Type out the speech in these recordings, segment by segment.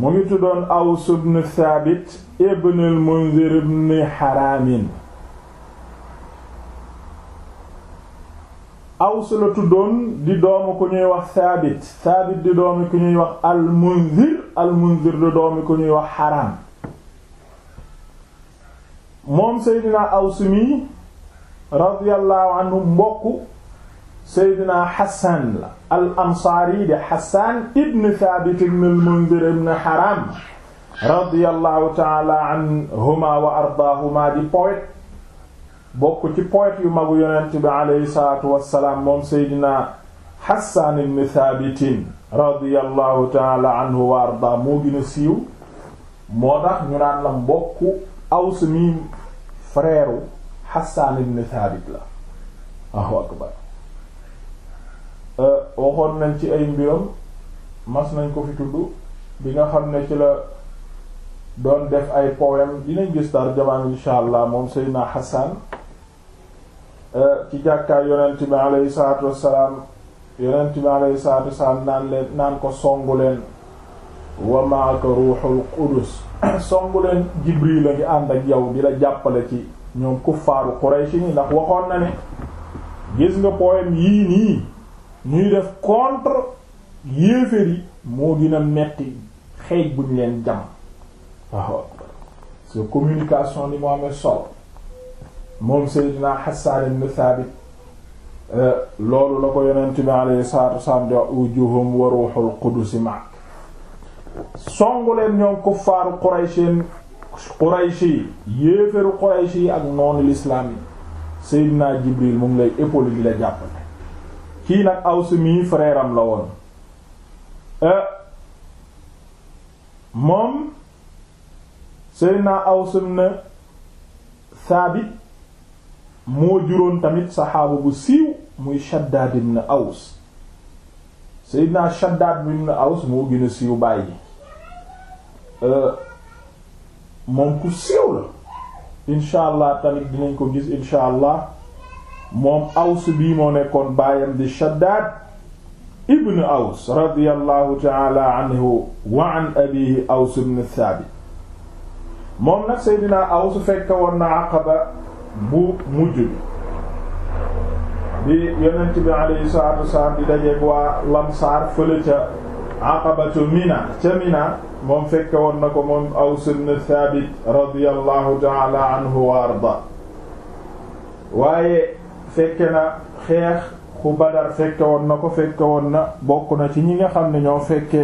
mu ngi tuddoon Aws ibn Thabit ibn al-Mundhir ibn Haram Aws la tuddoon di doomu ku ñuy wax Thabit Thabit di doomi ku ñuy wax al-Mundhir al-Mundhir di doomi ku ñuy wax Haram moom Seydina Aws mi radiyallahu anhu mbokk seydina hassan la al ansaari de hassan ibn thabit ibn al mundhir ibn haram radiyallahu taala anhuma wa ardaahuma di poète bokk ci poète yu magu yonent bi aleyhi salaatu wassalaam moom seydina hassan ibn thabitin radiyallahu taala anhu wa ardaa moo gën a siiw moo tax ñu naan la mbokk aws mi frère hassan ibn thabit la waaw akbar Euh, waxoon nañ ci ay mbiram mas nañ ko fi tudd bi nga xam ne ci la doon def ay poème dinañ gis tarjamaan insha allah moom Seydina Hassan euh, ci jàkkaar yonent bi alayhi salaatu wassalaam yonent bi naan leen naan ko songu leen wa ruuxul qudus songu leen Jibril la ngi ànd ak yow di la jàppale ci ñoom kuffaaru Quraysh ni ndax waxoon na ne gis nga poème yii nii ñuy def contre yéeféer yi moo gën a metti xeej buñ leen jam waaw communication li mu amee solo moom Seydina Hassan Thabit euh, loolu la ko yonent bi alayhi salaatu wasalaam di wax ujuhum wa ruuxul qudus ma'ak songu leen ñoom kuffaaru quraysheen qurayshi yi yéeféeru ak noonu l'islam yi Seydina Jibril mu ngi lay épaule di la jàppale kii nag Aws mi frère am la woon euh, moom Seydina Aws na Saabit moo juróon tamit saxaaba bu siiw muy Shaddaad ibn Aws Seydina Shaddaad ibn Aws moo gën a siiw bàyyi euh, moom ku siiw la incha allah tamit dinañ ko gis incha allah moom aws bii moo nekkoon baayam di shaddaad ibn aws radiyallahu taala anhu wa an abihi aws ibn thaabit moom nag seydinaa aws fekk woon na aqaba bu mujj bi bi yonent bi alayhi salaatu wasalaam di dajeeg waa lamsaar fële ca aqabatu mina ca mina moom fekke woon na ko moom aws ibn thaabit radiyallahu taala anhu wa arda waaye fekke na xeex ku Badar fekke woon na ko fekke woon na bokk na ci ñi nga xam ne ñoo fekke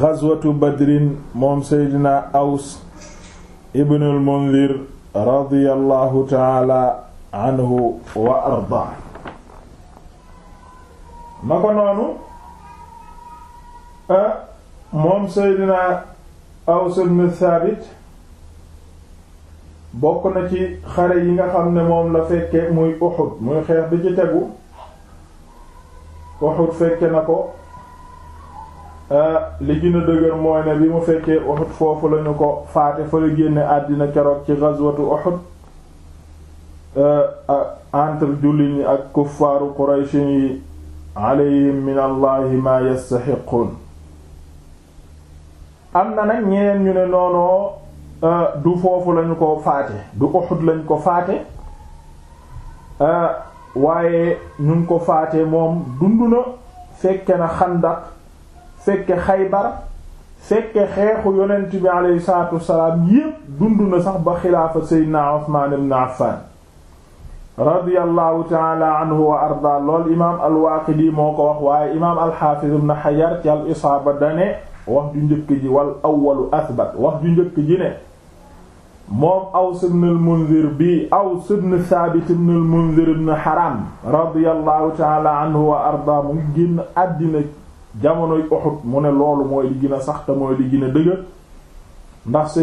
ghazwatu badrin moom seydina Aws ibn Mundhir radiyallahu taala anhu wa arda na ko noonu ah, moom seydina Aws ibn Thabit bokk na ci xare yi nga xam ne moom la fekke muy Uhud muy xeex bi ci tegu Uhud fekke na ko euh, li gën a dëgër mooy ne bi mu fekkee Uhud foofu lañu ko faate fa la génne àddina keroog ci ghazwatu Uhud euh, entre jullit ñi ak kuffaaru Quraysh yi alayhim min allahi ma yastaxiqun am na nag ñeneen ñu ne noonoo Euh, du foofu lañu ko faate du Uhud lañ ko faate euh, waaye ñu ko faate moom dund na fekke na xandak fekke xaybar fekke xeexu yonent bi aleyhi salaatu wassalaam yépp dund na sax ba xilaafa seydina Usmaan ibn Affan radiyallahu taala anhu wa arda lool imaam al-Waaqidi moo ko wax waaye imaam al-Haafiz ibn Hajar ci al-Isaaba dane wax ju njëkk ji wal awwalu asbat wax ju njëkk ji ne moom Aws ibn al-Munzir bi aw ibn Thabit ibn al-Munzir ibn Haram radiyallahu ta'ala anhu wa arda mu ngi génn àddina jamonoy Uhud mu ne loolu mooy li gën mooy li gën a dëgër ndax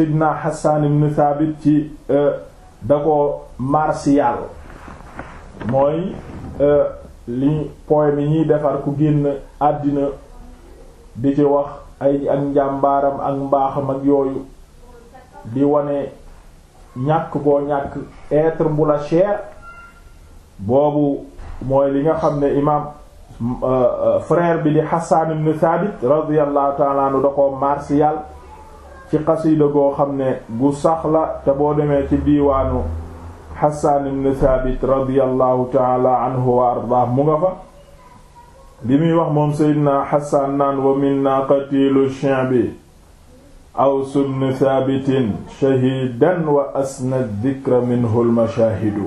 Hassan ibn Thabit ci euh, da ko martial mooy euh, li poème yi ñuy defar ku génn àddina di ci wax ay ak njàmbaaram ak mbaaxam ak yooyu di wane ñàkk boo ñàkk être bu la cher boobu mooy li nga xam ne imaam euh, euh, frère bi di Hassan ibn Thabit radiyallahu ta'ala anhu da ko martial ci xasida goo xam ne gu sax la te boo demee ci diiwaanu Hassan ibn Thabit radiyallahu ta'ala anhu wa ardaah mu nga fa bi muy wax moom Seydina Hassan naan wa minna qatilu shi'bi aws ibn thaabitin shahidan wa asna dhikra minhu almashahidu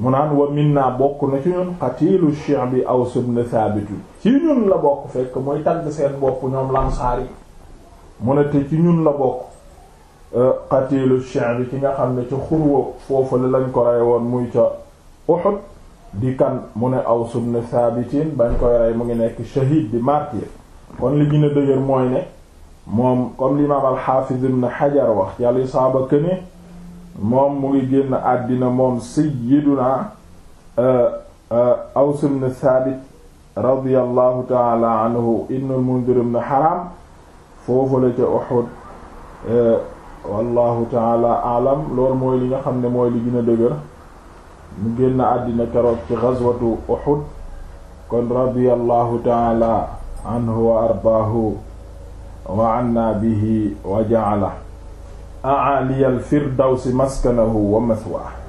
mu naan wa minna bokk na ci ñun qatilu shi'bi aws ibn thaabit ci ñun la bokk fekk mooy tagg seen bopp ñoom lansaar yi mu te ci ñun la bokk euh, qatilu shi'bi ci nga xam ne ci xurwa foofu la lañ ko rey woon muy ca Uhud di kan mu ne aws ibn thaabitin bañ koy rey mu ngi nekk shahid di martyr kon li gën dëgër mooy ne moom comme l'imam al-Hafiz ibn Hajar wax ci al-Isaaba këne moom mu ngi génn àddina moom sayyiduna euh, euh, Aws ibn Thabit radiyallahu ta'ala anhu ibn al ibn Haram foofu la ca Uhud euh, wallahu ta'ala a'lam loolu mooy li nga xam ne mooy li gën a dëgër mu génn àddina keroog ci ghazwatu Uhud kon radiyallahu ta'ala anhu wa ardaahu wa anna bihi wa ja'ala a'ali al-firdawsi maskanahu wa mathwaahu